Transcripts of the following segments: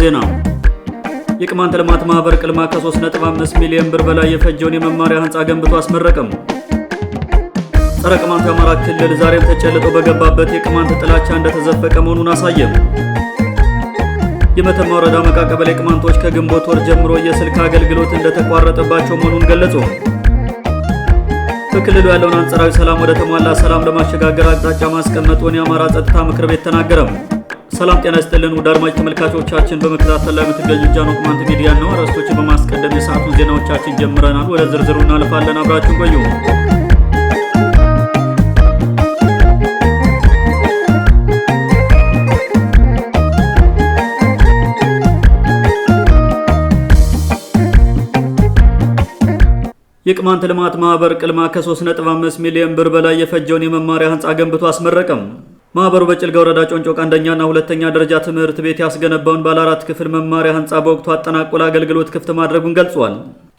ዜና የቅማንት ልማት ማህበር ቅልማ ከ3.5 ሚሊዮን ብር በላይ የፈጀውን የመማሪያ ህንፃ ገንብቶ አስመረቀም። ጸረ ቅማንት የአማራ ክልል ዛሬም ተጨልጦ በገባበት የቅማንት ጥላቻ እንደተዘፈቀ መሆኑን አሳየም። የመተማ ወረዳ መቃ ቀበሌ ቅማንቶች ከግንቦት ወር ጀምሮ የስልክ አገልግሎት እንደተቋረጠባቸው መሆኑን ገለጹ። በክልሉ ያለውን አንጻራዊ ሰላም ወደ ተሟላ ሰላም ለማሸጋገር አቅጣጫ ማስቀመጡን የአማራ ጸጥታ ምክር ቤት ተናገረም። ሰላም ጤና ይስጥልን ውድ አድማጭ ተመልካቾቻችን፣ በመከታተል ላይ የምትገኙ ጃኖ ቅማንት ሚዲያ ነው። ርዕሶችን በማስቀደም የሰዓቱን ዜናዎቻችን ጀምረናል። ወደ ዝርዝሩ እናልፋለን። አብራችን ቆዩ። የቅማንት ልማት ማህበር ቅልማ ከ3.5 ሚሊዮን ብር በላይ የፈጀውን የመማሪያ ህንፃ ገንብቶ አስመረቀም። ማህበሩ በጭልጋ ወረዳ ጮንጮቅ አንደኛና ሁለተኛ ደረጃ ትምህርት ቤት ያስገነባውን ባለ አራት ክፍል መማሪያ ህንፃ በወቅቱ አጠናቆ ለአገልግሎት ክፍት ማድረጉን ገልጿል።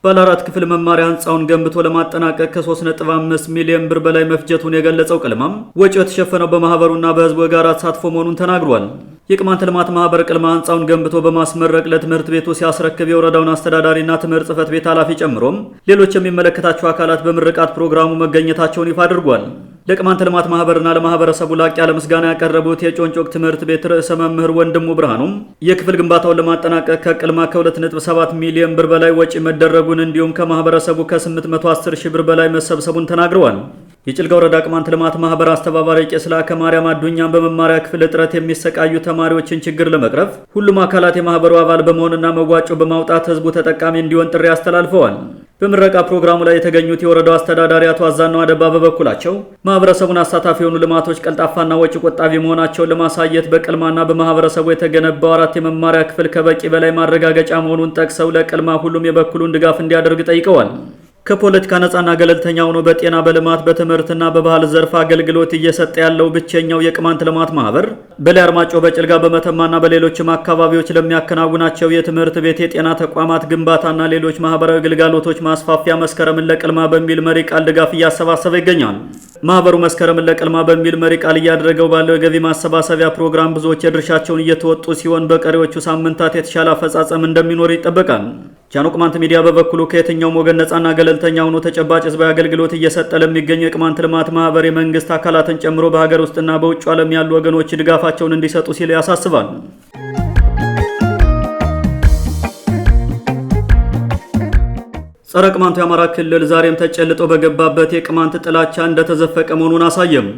ባለ አራት ክፍል መማሪያ ህንፃውን ገንብቶ ለማጠናቀቅ ከ3.5 ሚሊዮን ብር በላይ መፍጀቱን የገለጸው ቅልማም ወጪው የተሸፈነው በማህበሩና በህዝቡ የጋራ ተሳትፎ መሆኑን ተናግሯል። የቅማንት ልማት ማህበር ቅልማ ህንፃውን ገንብቶ በማስመረቅ ለትምህርት ቤቱ ሲያስረክብ የወረዳውን አስተዳዳሪና ትምህርት ጽህፈት ቤት ኃላፊ ጨምሮም ሌሎች የሚመለከታቸው አካላት በምርቃት ፕሮግራሙ መገኘታቸውን ይፋ አድርጓል። ለቅማንት ልማት ማህበርና ለማህበረሰቡ ላቅ ያለ ምስጋና ያቀረቡት የጮንጮቅ ትምህርት ቤት ርዕሰ መምህር ወንድሙ ብርሃኑም የክፍል ግንባታውን ለማጠናቀቅ ከቅልማ ከ2.7 ሚሊዮን ብር በላይ ወጪ መደረጉን እንዲሁም ከማህበረሰቡ ከ810 ሺህ ብር በላይ መሰብሰቡን ተናግረዋል። የጭልጋ ወረዳ ቅማንት ልማት ማህበር አስተባባሪ ቄስ ላከ ማርያም አዱኛን በመማሪያ ክፍል እጥረት የሚሰቃዩ ተማሪዎችን ችግር ለመቅረፍ ሁሉም አካላት የማህበሩ አባል በመሆንና መዋጮ በማውጣት ህዝቡ ተጠቃሚ እንዲሆን ጥሪ አስተላልፈዋል። በምረቃ ፕሮግራሙ ላይ የተገኙት የወረዳው አስተዳዳሪ አቶ አዛነው አደባ በበኩላቸው ማህበረሰቡን አሳታፊ የሆኑ ልማቶች ቀልጣፋና ወጪ ቆጣቢ መሆናቸውን ለማሳየት በቅልማና በማህበረሰቡ የተገነባው አራት የመማሪያ ክፍል ከበቂ በላይ ማረጋገጫ መሆኑን ጠቅሰው ለቅልማ ሁሉም የበኩሉን ድጋፍ እንዲያደርግ ጠይቀዋል። ከፖለቲካ ነጻና ገለልተኛ ሆኖ በጤና በልማት በትምህርትና በባህል ዘርፍ አገልግሎት እየሰጠ ያለው ብቸኛው የቅማንት ልማት ማህበር በላይ አርማጮ በጭልጋ በመተማና በሌሎችም አካባቢዎች ለሚያከናውናቸው የትምህርት ቤት የጤና ተቋማት ግንባታና ሌሎች ማህበራዊ ግልጋሎቶች ማስፋፊያ መስከረምን ለቅልማ በሚል መሪ ቃል ድጋፍ እያሰባሰበ ይገኛል። ማህበሩ መስከረምን ለቅልማ በሚል መሪ ቃል እያደረገው ባለው የገቢ ማሰባሰቢያ ፕሮግራም ብዙዎች የድርሻቸውን እየተወጡ ሲሆን በቀሪዎቹ ሳምንታት የተሻለ አፈጻጸም እንደሚኖር ይጠበቃል። ጃኖ ቅማንት ሚዲያ በበኩሉ ከየትኛውም ወገን ነጻና ገለ ገለልተኛ ሆኖ ተጨባጭ ህዝባዊ አገልግሎት እየሰጠ ለሚገኘው የቅማንት ልማት ማህበር የመንግስት አካላትን ጨምሮ በሀገር ውስጥና በውጭ ዓለም ያሉ ወገኖች ድጋፋቸውን እንዲሰጡ ሲል ያሳስባል። ጸረ ቅማንቱ የአማራ ክልል ዛሬም ተጨልጦ በገባበት የቅማንት ጥላቻ እንደተዘፈቀ መሆኑን አሳየም።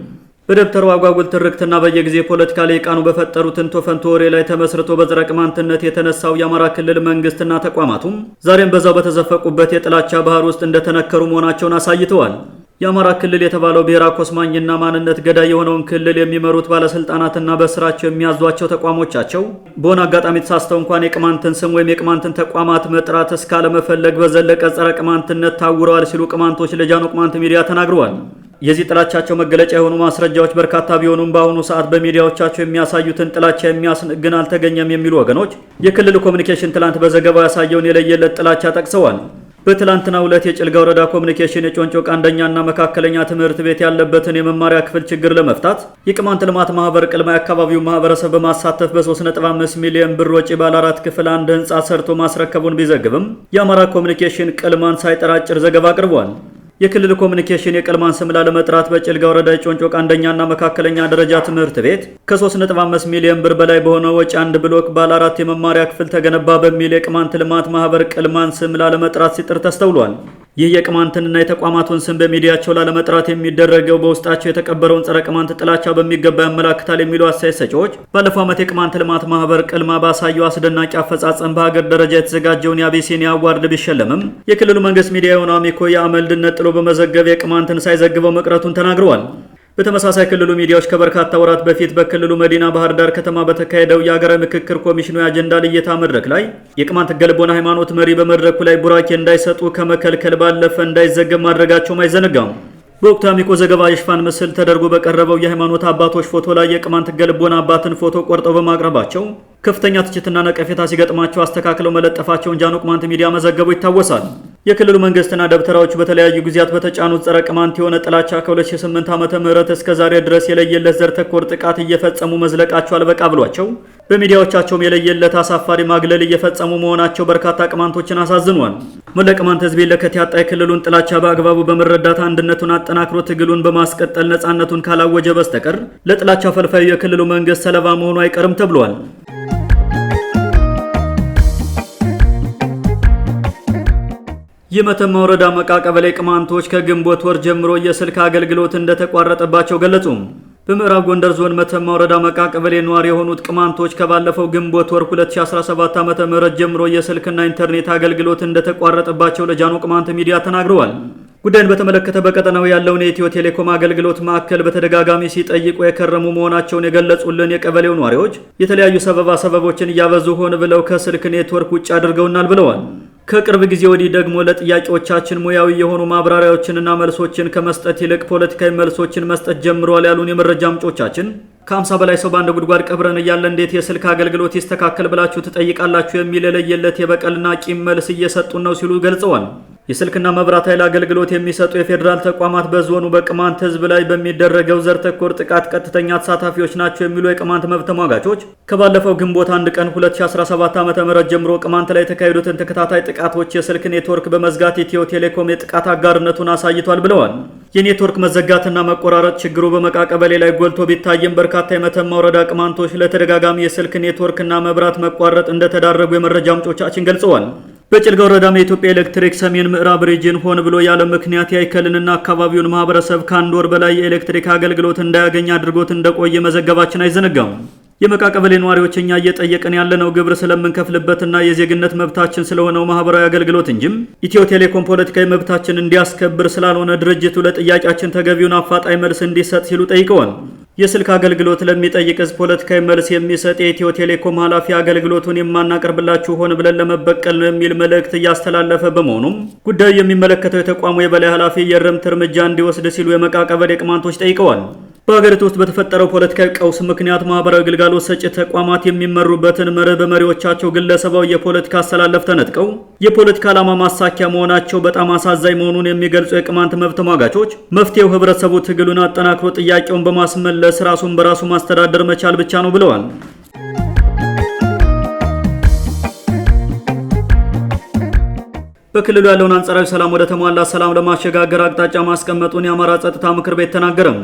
በደብተሩ አጓጉል ትርክትና በየጊዜ ፖለቲካ ሊቃኑ በፈጠሩት እንቶ ፈንቶ ወሬ ላይ ተመስርቶ በፀረ ቅማንትነት የተነሳው የአማራ ክልል መንግስትና ተቋማቱም ዛሬም በዛው በተዘፈቁበት የጥላቻ ባህር ውስጥ እንደተነከሩ መሆናቸውን አሳይተዋል። የአማራ ክልል የተባለው ብሔራ ኮስማኝና ማንነት ገዳይ የሆነውን ክልል የሚመሩት ባለስልጣናትና በስራቸው የሚያዟቸው ተቋሞቻቸው በሆነ አጋጣሚ ተሳስተው እንኳን የቅማንትን ስም ወይም የቅማንትን ተቋማት መጥራት እስካለመፈለግ በዘለቀ ጸረ ቅማንትነት ታውረዋል ሲሉ ቅማንቶች ለጃኖ ቅማንት ሚዲያ ተናግረዋል። የዚህ ጥላቻቸው መገለጫ የሆኑ ማስረጃዎች በርካታ ቢሆኑም በአሁኑ ሰዓት በሚዲያዎቻቸው የሚያሳዩትን ጥላቻ የሚያስግን አልተገኘም የሚሉ ወገኖች የክልሉ ኮሚኒኬሽን ትላንት በዘገባው ያሳየውን የለየለት ጥላቻ ጠቅሰዋል። በትላንትና ዕለት የጭልጋ ወረዳ ኮሚኒኬሽን የጮንጮቅ አንደኛና መካከለኛ ትምህርት ቤት ያለበትን የመማሪያ ክፍል ችግር ለመፍታት የቅማንት ልማት ማህበር ቅልማ የአካባቢው ማህበረሰብ በማሳተፍ በ3.5 ሚሊዮን ብር ወጪ ባለ አራት ክፍል አንድ ህንፃ ሰርቶ ማስረከቡን ቢዘግብም የአማራ ኮሚኒኬሽን ቅልማን ሳይጠራጭር ዘገባ አቅርቧል። የክልል ኮሚኒኬሽን የቀልማን ስም ላለመጥራት በጭልጋ ወረዳ ጮንጮ አንደኛና መካከለኛ ደረጃ ትምህርት ቤት ከ3.5 ሚሊዮን ብር በላይ በሆነ ወጪ አንድ ብሎክ ባለ አራት የመማሪያ ክፍል ተገነባ በሚል የቅማንት ልማት ማህበር ቅልማን ስም ላለመጥራት ሲጥር ተስተውሏል። ይህ የቅማንትንና የተቋማቱን ስም በሚዲያቸው ላለመጥራት የሚደረገው በውስጣቸው የተቀበረውን ጸረ ቅማንት ጥላቻ በሚገባ ያመላክታል የሚሉ አስተያየት ሰጪዎች ባለፈው ዓመት የቅማንት ልማት ማህበር ቅልማ ባሳየው አስደናቂ አፈጻጸም በሀገር ደረጃ የተዘጋጀውን የአቢሲኒያ አዋርድ ቢሸለምም የክልሉ መንግስት ሚዲያ የሆነው አሚኮ የአመልድነት ቀጥሎ በመዘገብ የቅማንትን ሳይዘግበው መቅረቱን ተናግረዋል። በተመሳሳይ ክልሉ ሚዲያዎች ከበርካታ ወራት በፊት በክልሉ መዲና ባህር ዳር ከተማ በተካሄደው የአገራዊ ምክክር ኮሚሽኑ የአጀንዳ ልየታ መድረክ ላይ የቅማንት ገልቦና ሃይማኖት መሪ በመድረኩ ላይ ቡራኬ እንዳይሰጡ ከመከልከል ባለፈ እንዳይዘገብ ማድረጋቸውም አይዘነጋም። በወቅቱ አሚኮ ዘገባ የሽፋን ምስል ተደርጎ በቀረበው የሃይማኖት አባቶች ፎቶ ላይ የቅማንት ገልቦና አባትን ፎቶ ቆርጠው በማቅረባቸው ከፍተኛ ትችትና ነቀፌታ ሲገጥማቸው አስተካክለው መለጠፋቸውን ጃኖ ቅማንት ሚዲያ መዘገቡ ይታወሳል። የክልሉ መንግስትና ደብተራዎች በተለያዩ ጊዜያት በተጫኑት ጸረ ቅማንት የሆነ ጥላቻ ከ2008 ዓ ም እስከ ዛሬ ድረስ የለየለት ዘር ተኮር ጥቃት እየፈጸሙ መዝለቃቸው አልበቃ ብሏቸው በሚዲያዎቻቸውም የለየለት አሳፋሪ ማግለል እየፈጸሙ መሆናቸው በርካታ ቅማንቶችን አሳዝኗል። ሙለ ቅማንት ህዝብ ለከት ያጣ የክልሉን ጥላቻ በአግባቡ በመረዳት አንድነቱን አጠናክሮ ትግሉን በማስቀጠል ነፃነቱን ካላወጀ በስተቀር ለጥላቻ ፈልፋዩ የክልሉ መንግስት ሰለባ መሆኑ አይቀርም ተብሏል። የመተማ ወረዳ መቃ ቀበሌ ቅማንቶች ከግንቦት ወር ጀምሮ የስልክ አገልግሎት እንደተቋረጠባቸው ገለጹ። በምዕራብ ጎንደር ዞን መተማ ወረዳ መቃ ቀበሌ ነዋሪ የሆኑት ቅማንቶች ከባለፈው ግንቦት ወር 2017 ዓ.ም ጀምሮ የስልክና ኢንተርኔት አገልግሎት እንደተቋረጠባቸው ለጃኖ ቅማንት ሚዲያ ተናግረዋል። ጉዳይን በተመለከተ በቀጠናው ያለውን የኢትዮ ቴሌኮም አገልግሎት ማዕከል በተደጋጋሚ ሲጠይቁ የከረሙ መሆናቸውን የገለጹልን የቀበሌው ነዋሪዎች የተለያዩ ሰበባ ሰበቦችን እያበዙ ሆን ብለው ከስልክ ኔትወርክ ውጭ አድርገውናል ብለዋል። ከቅርብ ጊዜ ወዲህ ደግሞ ለጥያቄዎቻችን ሙያዊ የሆኑ ማብራሪያዎችንና መልሶችን ከመስጠት ይልቅ ፖለቲካዊ መልሶችን መስጠት ጀምረዋል ያሉን የመረጃ ምንጮቻችን ከአምሳ በላይ ሰው በአንድ ጉድጓድ ቀብረን እያለ እንዴት የስልክ አገልግሎት ይስተካከል ብላችሁ ትጠይቃላችሁ የሚል የለየለት የበቀልና ቂም መልስ እየሰጡን ነው ሲሉ ገልጸዋል። የስልክና መብራት ኃይል አገልግሎት የሚሰጡ የፌዴራል ተቋማት በዞኑ በቅማንት ሕዝብ ላይ በሚደረገው ዘር ተኮር ጥቃት ቀጥተኛ ተሳታፊዎች ናቸው የሚሉ የቅማንት መብት ተሟጋቾች ከባለፈው ግንቦት አንድ ቀን 2017 ዓ.ም ጀምሮ ቅማንት ላይ የተካሄዱትን ተከታታይ ጥቃቶች የስልክ ኔትወርክ በመዝጋት ኢትዮ ቴሌኮም የጥቃት አጋርነቱን አሳይቷል ብለዋል። የኔትወርክ መዘጋትና መቆራረጥ ችግሩ በመቃ ቀበሌ ላይ ጎልቶ ቢታይም በርካታ የመተማ ወረዳ ቅማንቶች ለተደጋጋሚ የስልክ ኔትወርክና መብራት መቋረጥ እንደተዳረጉ የመረጃ ምንጮቻችን ገልጸዋል። በጭልጋ ወረዳም የኢትዮጵያ ኤሌክትሪክ ሰሜን ምዕራብ ሪጅን ሆን ብሎ ያለ ምክንያት ያይከልንና አካባቢውን ማህበረሰብ ከአንድ ወር በላይ የኤሌክትሪክ አገልግሎት እንዳያገኝ አድርጎት እንደቆየ መዘገባችን አይዘነጋም። የመቃ ቀበሌ ነዋሪዎች እኛ እየጠየቅን ያለነው ግብር ስለምንከፍልበትና የዜግነት መብታችን ስለሆነው ማህበራዊ አገልግሎት እንጂም ኢትዮ ቴሌኮም ፖለቲካዊ መብታችን እንዲያስከብር ስላልሆነ ድርጅቱ ለጥያቄያችን ተገቢውን አፋጣኝ መልስ እንዲሰጥ ሲሉ ጠይቀዋል። የስልክ አገልግሎት ለሚጠይቅ ህዝብ ፖለቲካዊ መልስ የሚሰጥ የኢትዮ ቴሌኮም ኃላፊ አገልግሎቱን የማናቀርብላችሁ ሆን ብለን ለመበቀል ነው የሚል መልእክት እያስተላለፈ በመሆኑም ጉዳዩ የሚመለከተው የተቋሙ የበላይ ኃላፊ የእርምት እርምጃ እንዲወስድ ሲሉ የመቃ ቀበሌ ቅማንቶች ጠይቀዋል። በሀገሪቱ ውስጥ በተፈጠረው ፖለቲካዊ ቀውስ ምክንያት ማህበራዊ ግልጋሎት ሰጪ ተቋማት የሚመሩበትን መርህ በመሪዎቻቸው ግለሰባዊ የፖለቲካ አሰላለፍ ተነጥቀው የፖለቲካ ዓላማ ማሳኪያ መሆናቸው በጣም አሳዛኝ መሆኑን የሚገልጹ የቅማንት መብት ተሟጋቾች መፍትሄው ህብረተሰቡ ትግሉን አጠናክሮ ጥያቄውን በማስመለስ ራሱን በራሱ ማስተዳደር መቻል ብቻ ነው ብለዋል። በክልሉ ያለውን አንጻራዊ ሰላም ወደ ተሟላ ሰላም ለማሸጋገር አቅጣጫ ማስቀመጡን የአማራ ጸጥታ ምክር ቤት ተናገረም።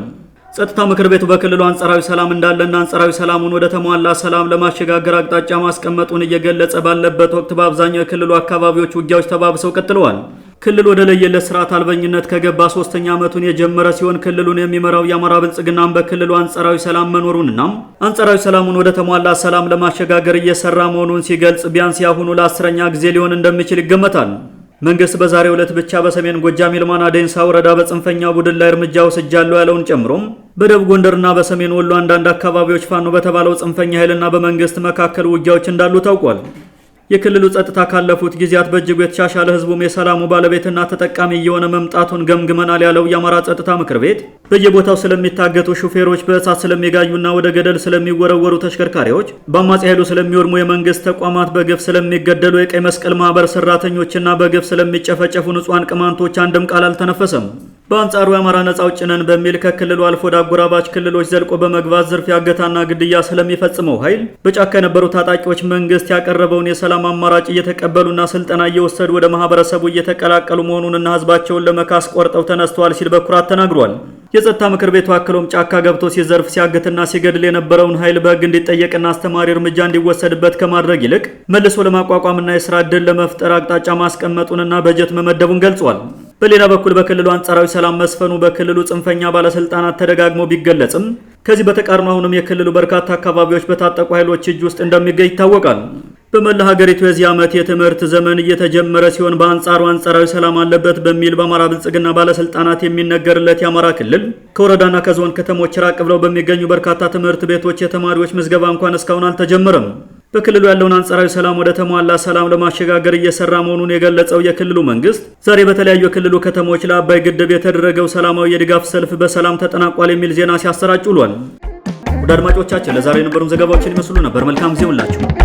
ጸጥታ ምክር ቤቱ በክልሉ አንጻራዊ ሰላም እንዳለና አንጻራዊ ሰላሙን ወደ ተሟላ ሰላም ለማሸጋገር አቅጣጫ ማስቀመጡን እየገለጸ ባለበት ወቅት በአብዛኛው የክልሉ አካባቢዎች ውጊያዎች ተባብሰው ቀጥለዋል። ክልል ወደ ለየለት ስርዓት አልበኝነት ከገባ ሶስተኛ ዓመቱን የጀመረ ሲሆን ክልሉን የሚመራው የአማራ ብልጽግናም በክልሉ አንጻራዊ ሰላም መኖሩንና አንጻራዊ ሰላሙን ወደ ተሟላ ሰላም ለማሸጋገር እየሰራ መሆኑን ሲገልጽ ቢያንስ ያሁኑ ለአስረኛ ጊዜ ሊሆን እንደሚችል ይገመታል። መንግስት በዛሬው ዕለት ብቻ በሰሜን ጎጃም ይልማና ደንሳ ወረዳ በጽንፈኛ ቡድን ላይ እርምጃ ወስጃለሁ ያለውን ጨምሮም በደቡብ ጎንደርና በሰሜን ወሎ አንዳንድ አካባቢዎች ፋኖ በተባለው ጽንፈኛ ኃይልና በመንግስት መካከል ውጊያዎች እንዳሉ ታውቋል። የክልሉ ጸጥታ ካለፉት ጊዜያት በእጅጉ የተሻሻለ ህዝቡም የሰላሙ ባለቤትና ተጠቃሚ እየሆነ መምጣቱን ገምግመናል ያለው የአማራ ጸጥታ ምክር ቤት በየቦታው ስለሚታገቱ ሹፌሮች፣ በእሳት ስለሚጋዩና ወደ ገደል ስለሚወረወሩ ተሽከርካሪዎች፣ በአማጺ ኃይሉ ስለሚወድሙ የመንግስት ተቋማት፣ በግፍ ስለሚገደሉ የቀይ መስቀል ማህበር ሰራተኞችና በግፍ ስለሚጨፈጨፉ ንጹሐን ቅማንቶች አንድም ቃል አልተነፈሰም። በአንጻሩ የአማራ ነጻ አውጪ ነን በሚል ከክልሉ አልፎ ወደ አጎራባች ክልሎች ዘልቆ በመግባት ዝርፊያ፣ እገታና ግድያ ስለሚፈጽመው ኃይል በጫካ የነበሩ ታጣቂዎች መንግስት ያቀረበውን የሰላም ሰላም አማራጭ እየተቀበሉና ስልጠና እየወሰዱ ወደ ማህበረሰቡ እየተቀላቀሉ መሆኑንና ህዝባቸውን ለመካስ ቆርጠው ተነስተዋል ሲል በኩራት ተናግሯል። የጸጥታ ምክር ቤቱ አክሎም ጫካ ገብቶ ሲዘርፍ ሲያግትና ሲገድል የነበረውን ኃይል በህግ እንዲጠየቅና አስተማሪ እርምጃ እንዲወሰድበት ከማድረግ ይልቅ መልሶ ለማቋቋምና የስራ እድል ለመፍጠር አቅጣጫ ማስቀመጡንና በጀት መመደቡን ገልጿል። በሌላ በኩል በክልሉ አንጻራዊ ሰላም መስፈኑ በክልሉ ጽንፈኛ ባለስልጣናት ተደጋግሞ ቢገለጽም ከዚህ በተቃርኖ አሁንም የክልሉ በርካታ አካባቢዎች በታጠቁ ኃይሎች እጅ ውስጥ እንደሚገኝ ይታወቃል። በመላ ሀገሪቱ የዚህ ዓመት የትምህርት ዘመን እየተጀመረ ሲሆን በአንጻሩ አንጻራዊ ሰላም አለበት በሚል በአማራ ብልጽግና ባለስልጣናት የሚነገርለት የአማራ ክልል ከወረዳና ከዞን ከተሞች ራቅ ብለው በሚገኙ በርካታ ትምህርት ቤቶች የተማሪዎች ምዝገባ እንኳን እስካሁን አልተጀመረም። በክልሉ ያለውን አንጻራዊ ሰላም ወደ ተሟላ ሰላም ለማሸጋገር እየሰራ መሆኑን የገለጸው የክልሉ መንግስት ዛሬ በተለያዩ የክልሉ ከተሞች ለአባይ ግድብ የተደረገው ሰላማዊ የድጋፍ ሰልፍ በሰላም ተጠናቋል የሚል ዜና ሲያሰራጭ ውሏል። ወደ አድማጮቻችን ለዛሬ የነበሩን ዘገባዎችን ይመስሉ ነበር። መልካም ጊዜ ሁላችሁ